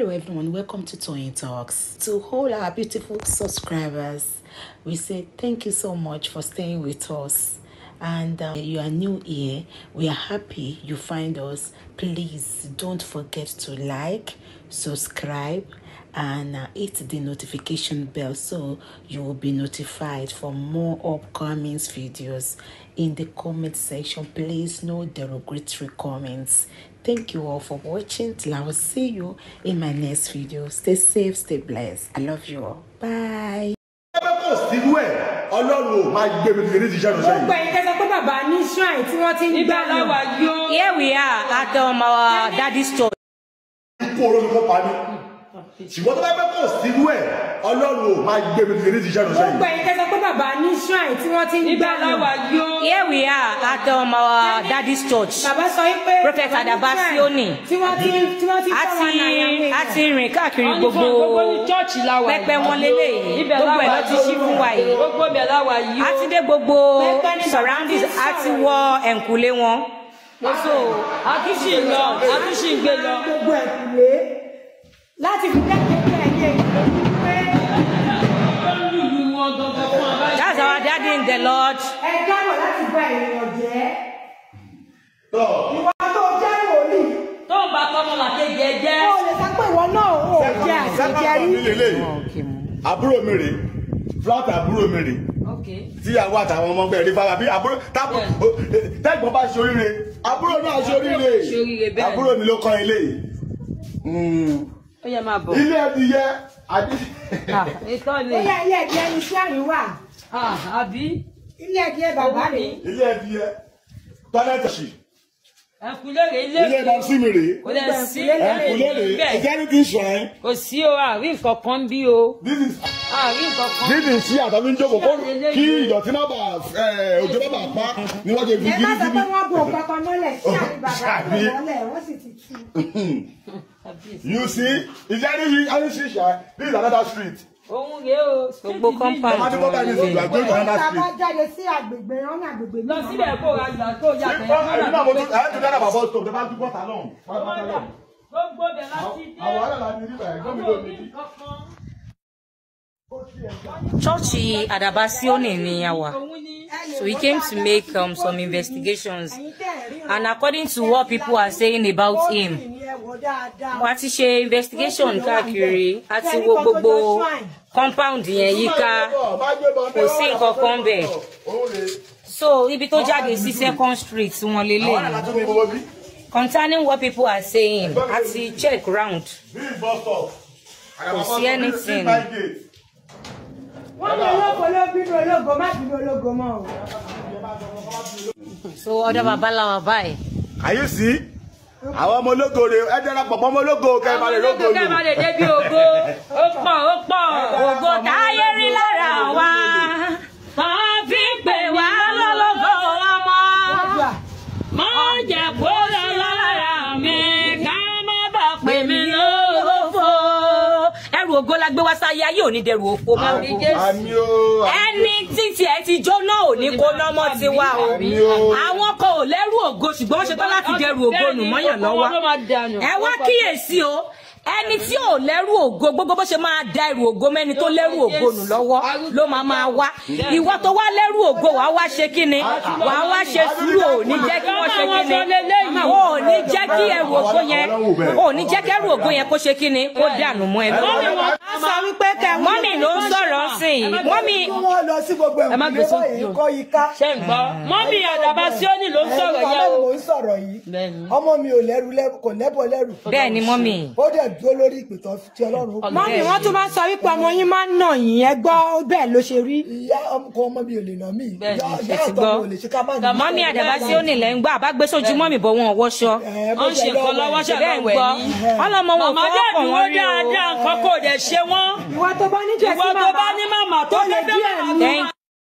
Hello everyone, welcome to Toyeen Talks. To all our beautiful subscribers, we say thank you so much for staying with us. And uh, you are new here, we are happy you find us. Please don't forget to like, subscribe, and uh, hit the notification bell so you will be notified for more upcoming videos in the comment section please no derogatory comments thank you all for watching till i will see you in my next video stay safe stay blessed i love you all bye here we are at um, our daddy's store ṣùgbọ́n tó bá pẹ́ kò sírú ẹ̀ ọlọ́run ò máa gbé mi kiri ti ṣẹ́nu sẹ́yìn. gbogbo ẹ̀yin tẹ́sán pé bàbá ní shrine tí wọ́n ti ń gbà lọ́wọ́ here we are at um, our daddy's church. bàbá sọ pé prophet adaba sioni. tí wọ́n ti tí wọ́n ti fọwọ́ náírà pé. a ti rìn káàkiri gbogbo pẹpẹ wọn lélẹ́yìn gbogbo ẹ̀ ló ti ṣí fún wa yìí. a ti dé gbogbo surroundings a ti wọ ẹ̀ǹkùlé wọn. so a tún ṣì ń lọ a gbé lọ. gbogbo ẹ̀ǹkùlé láti fi jẹ́ pé ẹ̀yẹ ìlú That's our daddy in the Lord. Ẹ jábọ̀ láti gba ènìyàn jẹ́. Tọ́. Ìwà tó jẹ́ wòlíì. Tó ń bá tọ́mọ làkejì ẹ jẹ́. Mo lè sọ pé ìwọ náà ò jẹ́ àṣejẹ́rí. Àbúrò mi rèé, flat àbúrò mi rèé tíyàwó àtàwọn ọmọ ẹ̀rí fara bí àbúrò e, tẹ́gbọ́n bá ṣoríire àbúrò náà ṣoríire àbúrò mi ló kọ́ ilé yìí. Hmm ilé adìyẹ adìyẹ. bóyá ilé adìyẹ ni sí àríwá. àbí. ilé adìyẹ bàbá mi. ilé adìyẹ tọ́lẹ́tì. ẹnkulére ilé rè. ilé bàbá mi rè. kò lè sí ẹnkulére bẹ́ẹ̀. is anything shrine. kò sí o àrí nǹkan kan bí o. this is àrí nǹkan kan. this is sí àtàwọn ìjókòó kó kí ìdọ̀tí má bàa òjò má bàa pa ni wọ́n jẹ fi gírígírí. ẹ má sọ pé wọ́n bò kankan mọ́lẹ̀ sí àrí bàbá mọ́lẹ̀ wọ́n sì ti tú. you see is there any any street sha this is another street. òun rèé o gbogbo compound wọn ni wọn ni wọn ni wọn bá jáde sí àgbègbè wọn ní àgbègbè náà. lọ sílẹ̀ kó ra ìgbà tó yà tẹ̀ ẹ́ nígbà tó tẹ̀ ẹ́ tó dára bàbá tó tẹ̀ bá dúpọ̀ tà lọ́hùn. gbogbo bẹ̀ láti dé. àwọn ará làbí rí bẹ̀rẹ̀ gómìnà òbí. Chọ́ọ̀chì Àdàbà Síónì ni a wà. So he came to make um, some investigations and according to what people are saying about him wọ́n ti ṣe investigation káàkiri a ti wo gbogbo compound yẹn yíká kò sí nǹkan kan bẹ̀ so ibi tó jáde sí second street wọn lélẹ̀ concerning what people are saying a ti check round kò sí anything wọ́n ní ológo ló bínú ológo má bínú ológo mọ́ o. so ọ̀dọ̀ bàbá làwọn báyìí. are you see àwọn ọmọ ológo rè ẹ darapọ̀ mọ́ ọmọ ológo kẹ́ ẹ máa lè lógo lù. ọmọ ológo kẹ́ ẹ máa lè débi ògo ó pọ̀ ó pọ̀ ògo táyé rí ògo la gbé wá sáyé ayé òní dẹrù òfo mọ́ ẹni títí ẹ ti jóná òní kó lọ́mọ ti wá o àwọn kan ò lẹ́rù ògo ṣùgbọ́n ó ṣetán láti dẹrù ògo nù mọ́yàn lọ́wọ́ ẹ wá kíyèsí o ẹni tí ò lẹ́rù ògo gbogbo bó ṣe máa da ẹrù ògo mẹ́ni tó lẹ́rù ògo nù lọ́wọ́ ló máa máa wá ìwọ tó wá lẹ́rù ògo wàá wá ṣe kí ni wàá wá ṣe sùúrù ò jẹ́ kí wọ́n ṣe kí ni ò ní jẹ́ kí ẹrù ògo yẹn ò jẹ́ kí ẹrù ògo yẹn kó ṣe kí ni kó dànù mọ́ ẹ lọ́wọ́. wọ́n sọ wípé kẹ́ wọ́n sẹ́yìn mọ́mí ẹ má gbèsè òkú ṣe ń gbọ́ mọ́mí àdàbà síọ́nì ló ń sọ̀rọ̀ yẹn o. mo ń sọ̀rọ̀ yìí ọmọ mi ò lẹ́rù kò lẹ́bọ̀ lẹ́rù. bẹ́ẹ̀ ni mọ́mí. ó dẹ̀ dúró lórí ìpìtàn ti ọlọ́run. mọ́mí wọ́n tún máa ń sọ wípé ọmọ yín máa ń nà yín ẹ gbọ́ bẹ́ẹ̀ ló ṣe rí. ìyá ọkọ ọmọ mi ò lè nà mí. mọ́mí àdàbà síọ́nì lẹ́ ń gbọ́ àbá gbé sójú mọ́mí bọ̀ wọn wọṣọ. ó ń ṣe nǹkan lọ́wọ́ ṣàlàwẹ̀ yìí dẹ́dẹ́ mà tó le díẹ̀ ni.